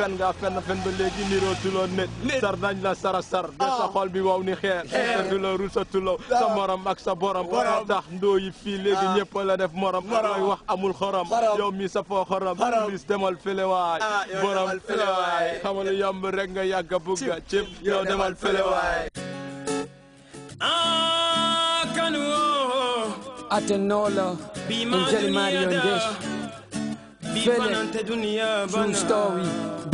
كان fen ga fenn fen ba léegi nirootuloo nit sar nañ la sara sar ba sa xol bi waw ni xeer satuloo rusatuloo sa morom ak sa borom moo tax ndooyi fii léegi ñëpp la def morom mooy wax amul xorom yow mi sa foo xorom bis demal felewaay borom xamal yomb rek nga yàgg a bugga cib yow demal felewaay Atenolo, Angel Mario Ndesh, Fele, True Story,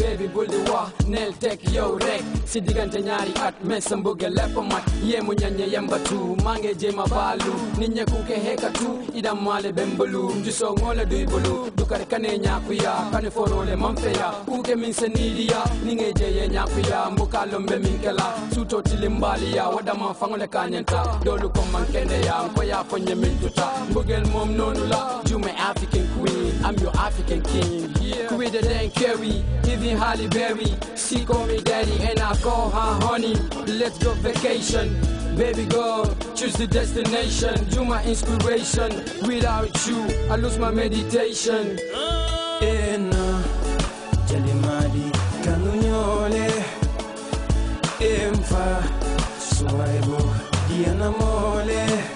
baby bul di wax neel teg yow rek si diggante ñaari at mais sa mbëgge lépp mat yéemu ñaññe yembatu maa ngi jéem a baalu nit ñe ku ke hekatu idam maale bembalu njuso ngole duy bulu dukar kane ñaakuya kane forole mamfeya kuke min se niidiya ni nge jeye ñaakuya mbukalombe min kela suto tilimbaliya wadama fangole kañenta dolu ko mankendeya nkoya foñe min tuta mbëggel moom noonu la jume african queen am yo Carrie, carry, giving Halle Berry. She call me daddy and I call her honey. Let's go vacation. Baby girl, choose the destination. You my inspiration. Without you, I lose my meditation. Ena, jalimadi kanunyole. Emfa, suwaibu, diana mole.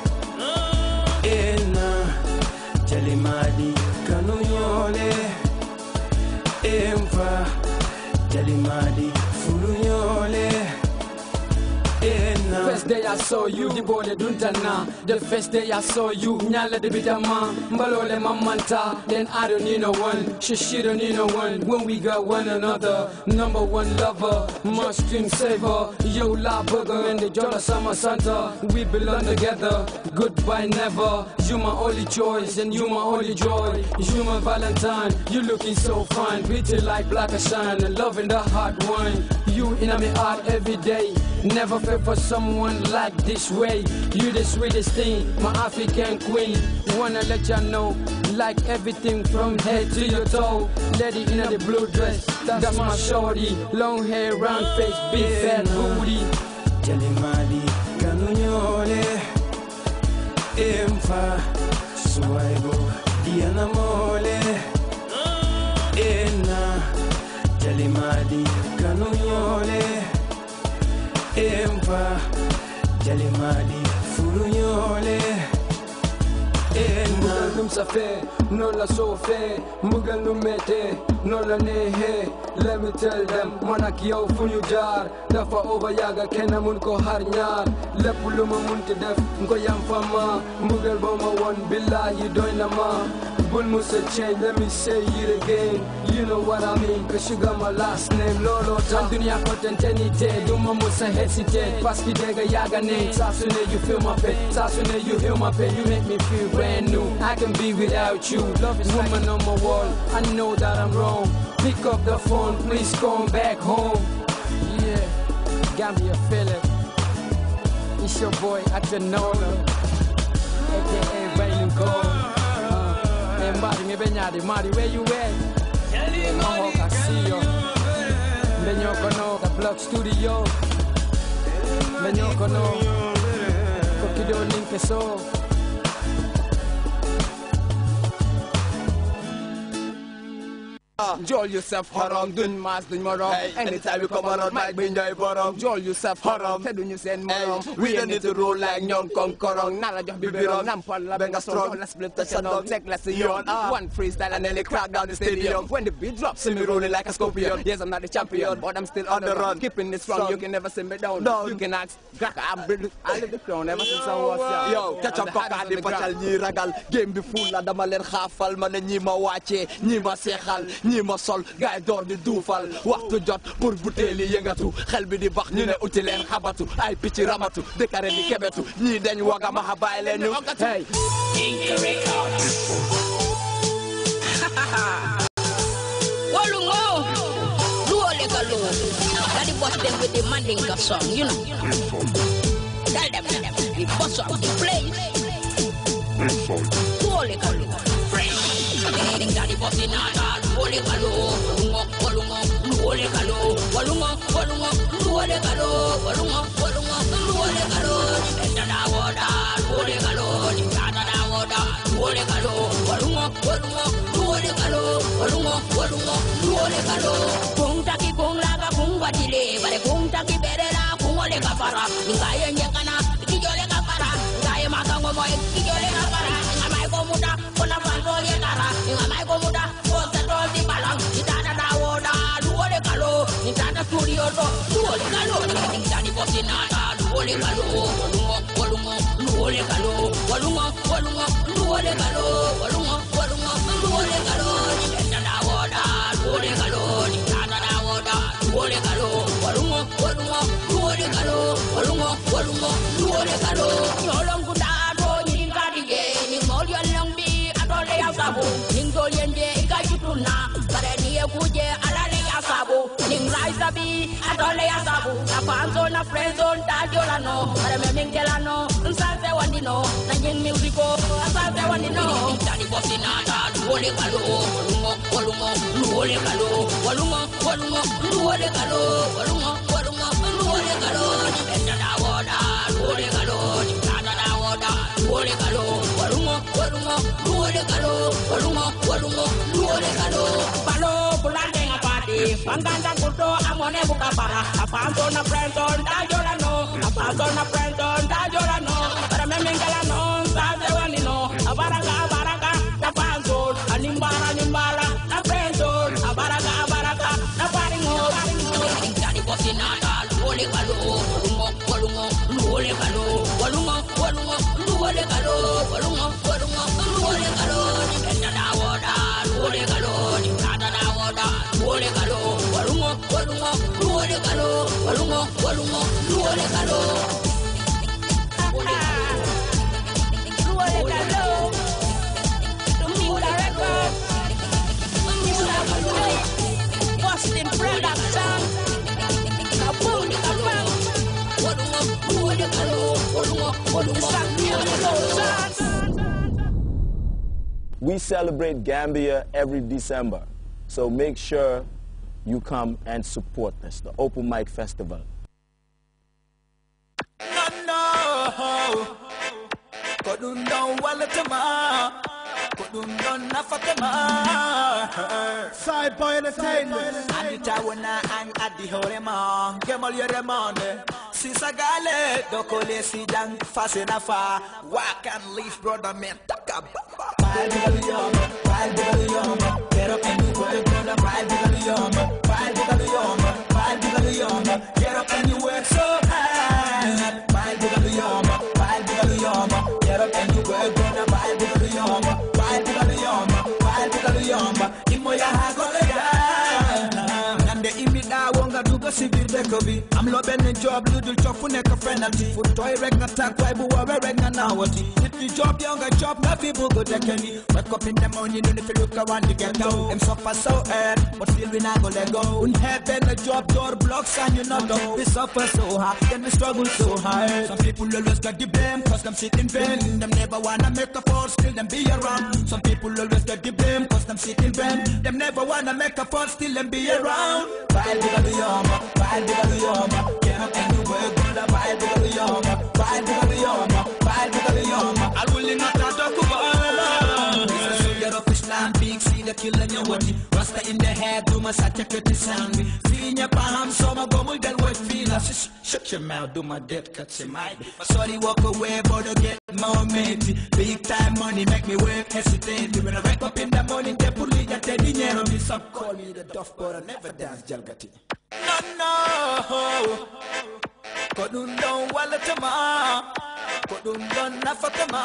first day I saw you the boy jiboole duntana the first day I saw you the man. debitama le mamanta then I don't need no one she she don't need no one when we got one another number one lover mustream saver yo la burger and the Jola Summer Santa we belong together goodbye never you my only choice and you my only joy you my valentine you looking so fine pretty like black a shine loving the hot wine you in my heart every day Never felt for someone like this way. You the sweetest thing, my African queen. Wanna let ya know, like everything from head to your toe. Lady in the blue dress, that's, that's my shorty. Long hair, round face, big fat booty. Jalimadi kanunyole emfa swaibo diana mole ena jalimadi kanunyole empa jalimadi furuñoole mbugal num safee noon la soofee mbugal num mettee noon la neexee let me tell them man ak fu ñu jaar dafa over yàgga kenn mun ko xar ñaar lépp lu ma munti def nga yam ma mbugal ba ma woon billaahi doy na ma let me say it again You know what I mean, cause you got my last name Lolo ta dunia content any day Duma musa hesitate, pass ki yaga name Tatsune you feel my pain, Tatsune you heal my pain You make me feel brand new, I can be without you Love is woman on my wall, I know that I'm wrong Pick up the phone, please come back home Yeah, got me a feeling It's your boy Atanola, aka mbari ngebenyari mari where you at maho kasio mbenyoko no the block studio mbenyoko no kokido ninkeso Borough. Jol yourself haram, dun mas dun morom. Anytime you come around, Mike bin joy borom. Jol yourself haram, te dun you send morom. We don't need to roll like nyon kong korong. Nala joh bibirom, nampal la benga strong. Let's split the shut up, take less yon. One freestyle and then they crack down the stadium. When the beat drops, see me rolling like a scorpion. Yes, I'm not the champion, but I'm still on the run. Keeping this strong, you can never see me down. You can ask, Graka, I'm brittle. I live the crown ever since I was young. Yo, catch up, Kaka, the Pachal, Ragal. Game be full, Adamal, Khafal, man, Nima Wache, Nima Sechal, Nima lii ma sol gaay door di duufal waxtu jot pour butéeli yëngatu xel bi di bax ñu ne uti leen xabatu ay picc ramatu dëkkare di kebetu ñii dañ waga maxa bàyyi leen ñu hey Daddy bought them with the Mandinga you know. Tell them, the boss of the place. Holy cow, fresh. Daddy bought the luole kalo kung taki kung laga kung badile bare kung taki berela kung ole kafara ngaye nuolekalo walungo walungo nuolekalo walungo walungo nuolekalo walungo walungo nuolekalo ni benda na woda nuolekalo ni tana na woda nuolekalo walungo walungo nuolekalo walungo walungo nuolekalo nyolongu da only sabu. fans on a friend zone, tag you no. But I'm a minkelano, and salve one dino. Nagin musico, a salve one dino. Daddy Duole Galo, Walungo, Walungo, Duole Galo, Walungo, Walungo, Duole Galo, Walungo, Walungo, Duole Galo, Dependa da Wada, Duole Galo, Dependa da Wada, Duole Galo, Walungo, Walungo, Duole Galo, Walungo, Walungo, Duole Galo, Panganda curto amone bukabara. na Brandon, da yola no. Abandona Brandon, da yola no. Para me mingala no, sa se wanino. Abara We celebrate Gambia every December, so make sure you come and support us, the Open Mic Festival. Side boy entertainment. si sa gaale dokole si jàng fase na fa waa kan liif broda men taka bamba baal bi kalu baal bi kalu yooma kero kañu woy baal bi kalu baal bi kalu yooma baal bi kalu I'm lekovi amlobene job ludulcho funeka penalty futoi regna we ibuwawe regna nawati the job yonga job na vibu godekeni wekopin demoni nunifiluka wandigeto emsofa so ed but still we na go lego unheben the job door blocks and you not know we suffer so hard then we struggle so hard some people always get the blame cause them sit in vain them never wanna make a force still them be around some people always get the blame cause them sit in vain them never wanna make a force still them be around while we got the armor while killan ya wani rasta in the head do ma sacha ke tisangi finya paham so ma gomul del wet fina shut your mouth do my death, cut say my sorry walk away but I get more mate big time money make me work hesitate when I wake up in the morning they pull me that dinero me some call me the duff but I never dance jalgati no, no. Kodun don wala tama. Kodun don nafatama.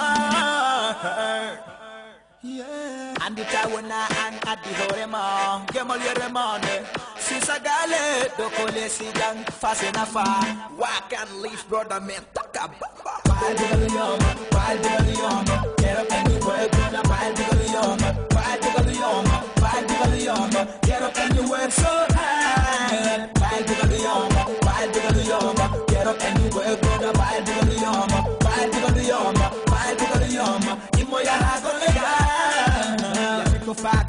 Yeah. And the Tawana and at the Horema, Gemal Yeremane, Sisagale, Dokole Sidan, Fasenafa, Walk and Leaf Brother Men, Taka Baba. Why do you know? Why do you know?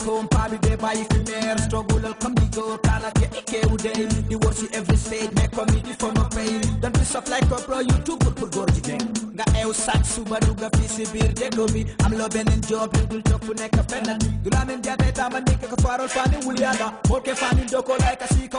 home paɓe ɓe mbayi fumiére togolal kamɗigo kalake kewdey ɗi worsi every stage mais comiɗi fono pay don be sof like youtube pour pour gorji de ga ew sac suba duga fi sibirde ɗomi am lo benen jobe dul jokku nekka fennan dulamen jadetama ndike ko farol fani wulyaga molke fani dokolay ka sika